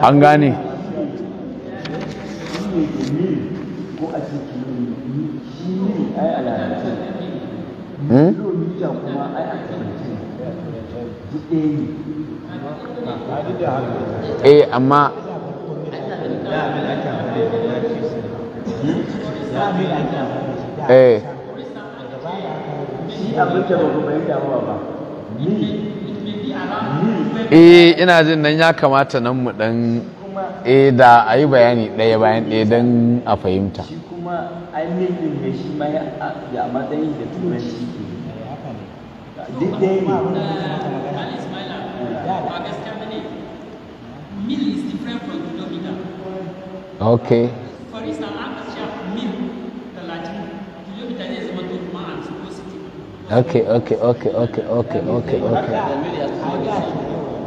an gane hmm? hujja kuma ai a ne eh amma eh eh ina jin nan ya kamata nan mu dan eh da a yi bayani ɗaya bayan ɗaya don a fahimta shi kuma ainihin da shi ma ya da turanci duk da ma abin da muke Meal is different from kilometer. Okay. For instance, Okay, okay, okay, okay, okay, okay, okay.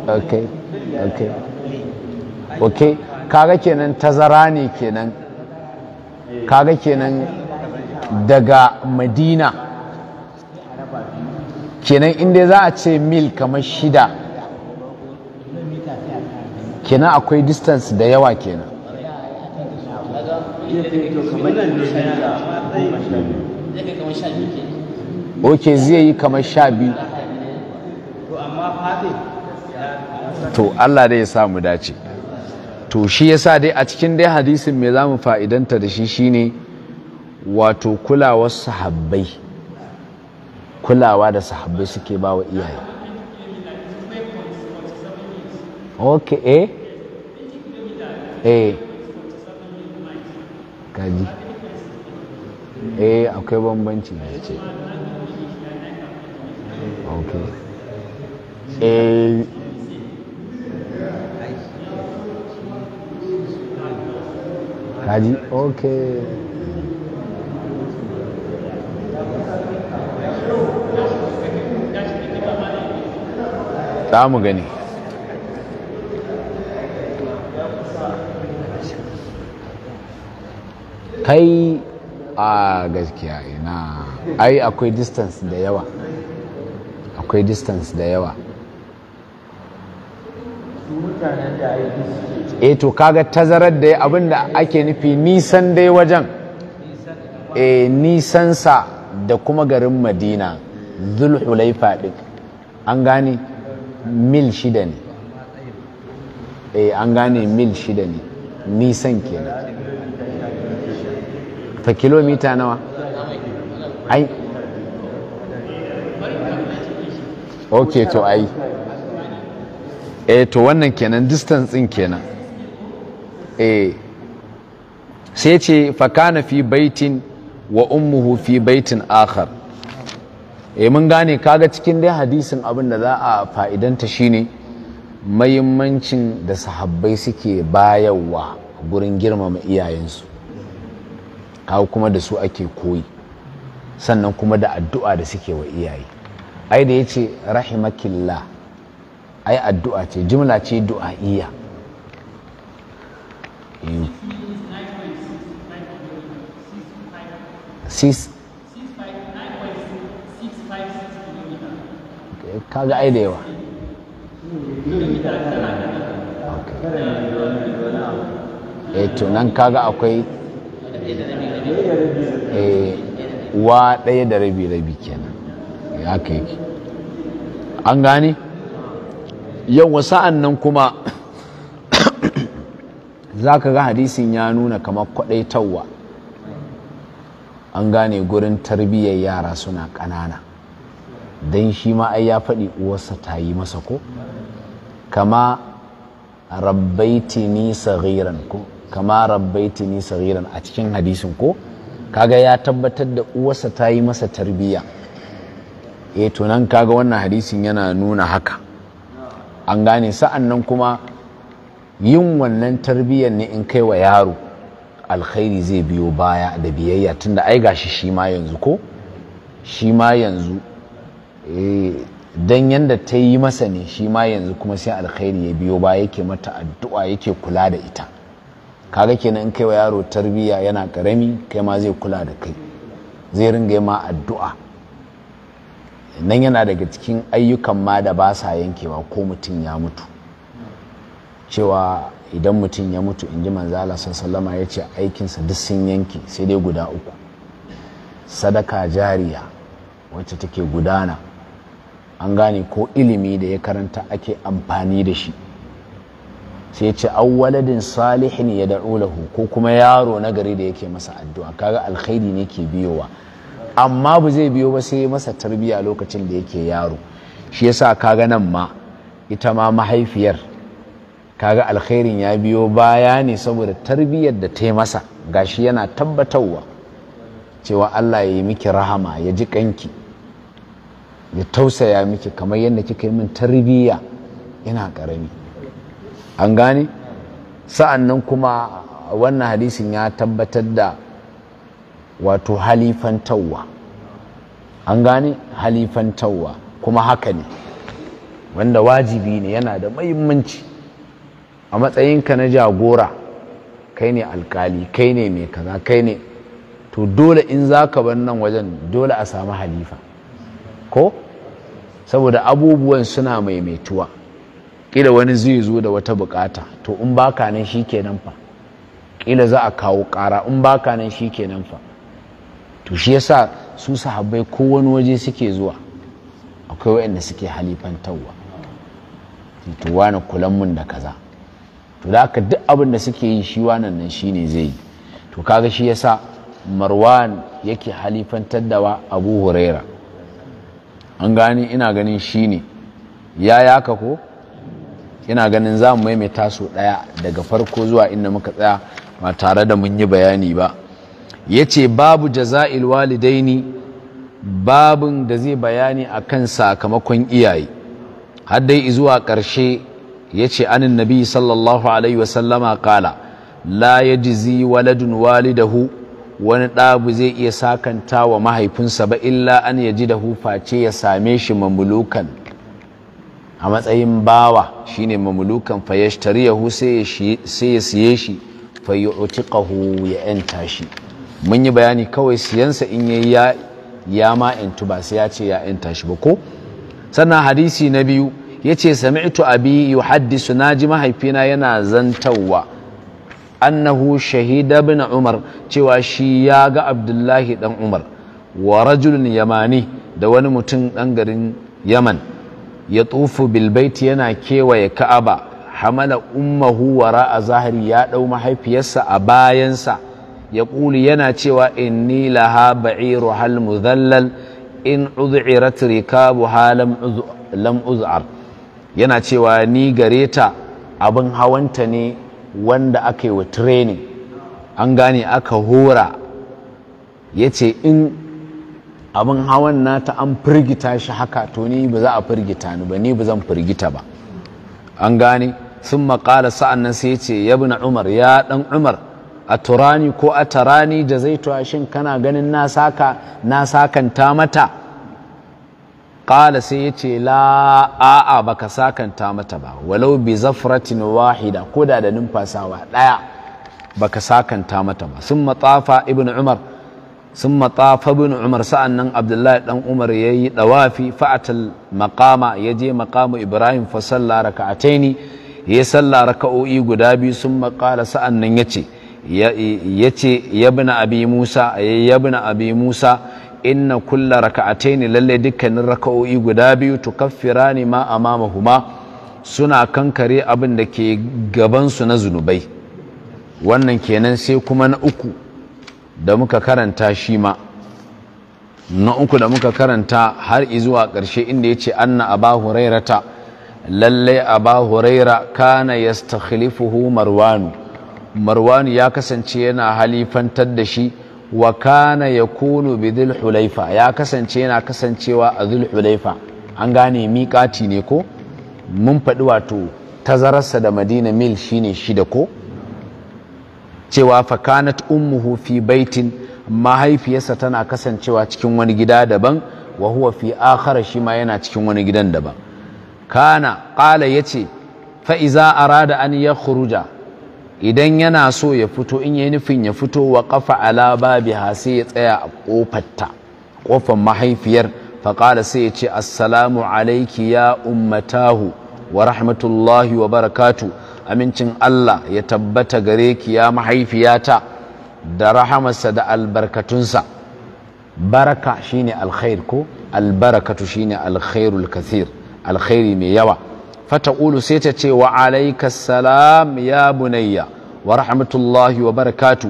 Okay, okay. Okay, kaga kenan tazara ne kenan. Kaga kenan daga Madina. kenan inda za a ce mil kamar shida kenan akwai distance da yawa kenan ok zai yi kamar sha biyu to allah dai ya samu dace to shi yasa dai a cikin dai hadisin mai mu fa'idanta da shi shine wato kulawar sahabbai kulawa da sahabbai suke ba wa iyaye ok eh eh gaji eh akwai bambanci da ce ok eh gaji ok za mu gani kai a gaskiya ina ai akwai distance da yawa akwai distance da yawa e to kaga tazarar da abinda ake nufi nisan dai wajen e nisansa da kuma garin madina zulhulaifa ɗin an gani mil shida ne eh an gane mil shida ne nisan kenan ta kilomita nawa ai ok to ai eh to wannan kenan distance din kenan eh sai ce fakana fi baitin wa ummuhu fi baitin akhar eh mun gane kaga cikin dai hadisin abin da za a fa'idanta shine mahimmancin da sahabbai suke bayarwa gurin girmama iyayensu kawo kuma da su ake koyi sannan kuma da addu'a da suke wa iyaye ai da ya ce rahimakillah ai addu'a ce jimla ce iya eh. Six kaga ai da yawa e to nan kaga akwai eh, wa ɗaya da rabi rabi kenan ya kai an gane yawa sa'an nan kuma za ka ga hadisin ya nuna kamar kwaɗaitawa an gane gurin tarbiyyar yara suna ƙanana don shi ma ai ya faɗi uwarsa ta yi masa ko kama ni sagiran ko kama ni sagiran a cikin hadisin ko kaga ya tabbatar da uwarsa ta yi masa tarbiyya E, to kaga wannan hadisin yana nuna haka an gane sa'an nan kuma yin wannan tarbiyyar ne in kai wa yaro alkhairi zai biyo baya da biyayya tunda ai gashi shi ma yanzu ko shi ma yanzu Eh, dan yanda ta yi masa ne shi ma yanzu kuma sai alkhairi ya biyo ba yake mata addu'a yake kula da ita kaga kenan in kaiwa yaro tarbiyya yana karami kai ma zai kula da kai zai ringa ma addu'a nan yana daga cikin ayyukan ma da ba sa yankewa ko mutum ya mutu cewa idan mutum ya mutu in ji manzala sallama ya ce aikinsa duk sun yanke sai dai guda uku sadaka jariya wacce take gudana an gane ko ilimi da ya karanta ake amfani da shi sai ce awwaladin salihin ya da'u lahu ko kuma yaro na gari da yake masa addu'a kaga alkhairi ne ke biyowa amma ba zai biyo ba sai masa tarbiyya lokacin da yake yaro shi yasa kaga nan ma ita ma mahaifiyar kaga alkhairin ya biyo baya ne saboda tarbiyyar da ta yi masa gashi yana tabbatarwa cewa Allah ya yi miki rahama ya ji kanki ya tausaya miki kamar yadda kika yi min tarbiyya ina karami an gane sa'an nan kuma wannan hadisin ya tabbatar da wato halifantawa an gane halifantawa kuma haka ne wanda wajibi ne yana da mahimmanci a matsayinka na jagora kai ne alkali kai ne mai kaza kai ne to dole in za ka bar nan wajen dole a samu halifa ko saboda abubuwan suna maimaituwa ƙila wani zai zo da wata bukata to in baka nan shi nan fa ƙila za a kawo ƙara in baka nan shi nan fa to shi yasa su sahabbai ko wani waje suke zuwa akwai waɗanda suke halifan halifantarwa to wani kulan mun da kaza to da aka duk abin da suke yi shi wannan nan shine zai yi to kaga shi yasa marwan yake halifantar da abu huraira an gani ina ganin shi ne ya yaka ko ina ganin za mu maimaita su ɗaya daga farko zuwa inda muka tsaya ba tare da mun yi bayani ba ya ce babu jaza'il walidaini babin da zai bayani a kan sakamakon iyaye har dai zuwa ƙarshe ya ce anin nabi sallallahu alaihi wasallama kala la ya jizi waladun walidahu wani ɗabu zai iya sakanta wa mahaifinsa ba illa an yaji ji da huface ya same shi mamulukan a matsayin bawa shine mamulukan yahu sai ya siye shi ƙahu ya yanta shi mun yi bayani kawai siyansa in ya ya ma yantu ba sai ya ce ya yanta shi ba ko sannan hadisi na biyu yace sami'tu abi na ji mahaifina yana zantawa annahu shahida bin umar cewa shi ya ga abdullahi ɗan umar wa rajulun yamani da wani mutum ɗan garin yaman ya tufu bilbaiti yana kewaye ka'aba hamala ummahu wara a zahiri ya ɗau mahaifiyarsa a bayansa ya ƙuli yana cewa inni laha ba'iru hal muzallal in uz'irat rikabuha lam uz'ar yana cewa ni gare ta abin hawanta ne wanda aka yi wa training an gane aka hora ya ce in abin hawan nata an firgita shi haka to ni ba za a firgita ni ba ni ba zan firgita ba an gane sun makala sa'an nan sai ce ya na umar ya dan umar a turani ko a tarani da zai shin kana ganin na saka na sakanta mata ƙala sai ya ce la a'a baka sakanta mata ba walau bi zafratin wahida ko da da numfasawa ɗaya baka sakanta mata ba sun matsafa ibn umar sun matsafa ibn umar sa'an nan abdullahi ɗan umar ya yi ɗawafi fa'atal maƙama ya je maƙamu ibrahim fa sallah raka'ataini ya salla raka'o'i guda biyu sun maƙala sa'an nan ya ce ya ce yabna abi yabna abi musa inna kulla raka'ataini lalle dukkanin raka'o'i guda biyu tukaffirani ma amamahuma suna kankare abin da ke gabansu na zunubai wannan kenan sai kuma na uku da muka karanta shi ma na uku da muka karanta har izuwa ƙarshe inda yace anna aba hurairata lalle aba huraira kana yastakhlifuhu marwanu marwanu ya kasance yana halifantar da shi wa kana kunu bi dhul hulaifa ya kasance yana kasancewa a dhul hulaifa an gane miƙati ne ko mun faɗi wato tazararsa da madina mil shine shida ko cewa fakanat ummuhu fi baitin mahaifiyarsa tana kasancewa cikin wani gida daban wa huwa fi akhara shi ma yana cikin wani gidan daban kana ya yace Fa'iza iza arada an yakhruja idan yana so ya fito in yi nufin ya fito wa kafa ala biha sai ya tsaya a kofarta kofar mahaifiyar faƙala sai ya ce assalamu alaiki ya ummatahu wa rahmatullahi wa barakatu amincin Allah ya tabbata gare ki ya mahaifiyata da rahamarsa da albarkatunsa baraka shine alkhair ko albarakatu shine alkhairul kathir alkhairi mai yawa ulu sai ta ce wa alaika salam ya bunayya wa rahmatullahi wa barakatu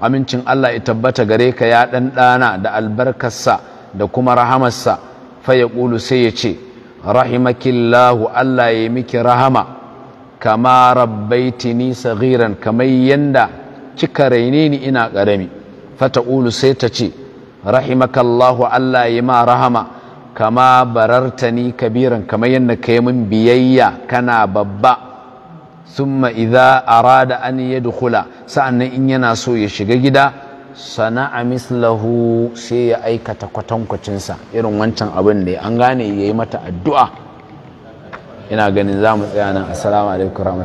amincin Allah ya tabbata gare ka ya dan dana da albarkarsa da kuma rahamarsa fa ulu sai ya ce rahimakillahu Allah ya miki rahama kama rabbaitini saghiran kamar yanda kika raine ni ina karami ulu sai ta ce rahimakallahu Allah ya ma rahama kama barartani kabiran kamar yadda ka yi min biyayya kana babba summa idza arada an yadkhula sa'annan in yana so ya shiga gida sana'a mislahu sai ya aikata kwatankwacinsa irin wancan abin da an gane yayi mata addu'a ina ganin zamu tsaya nan assalamu alaikum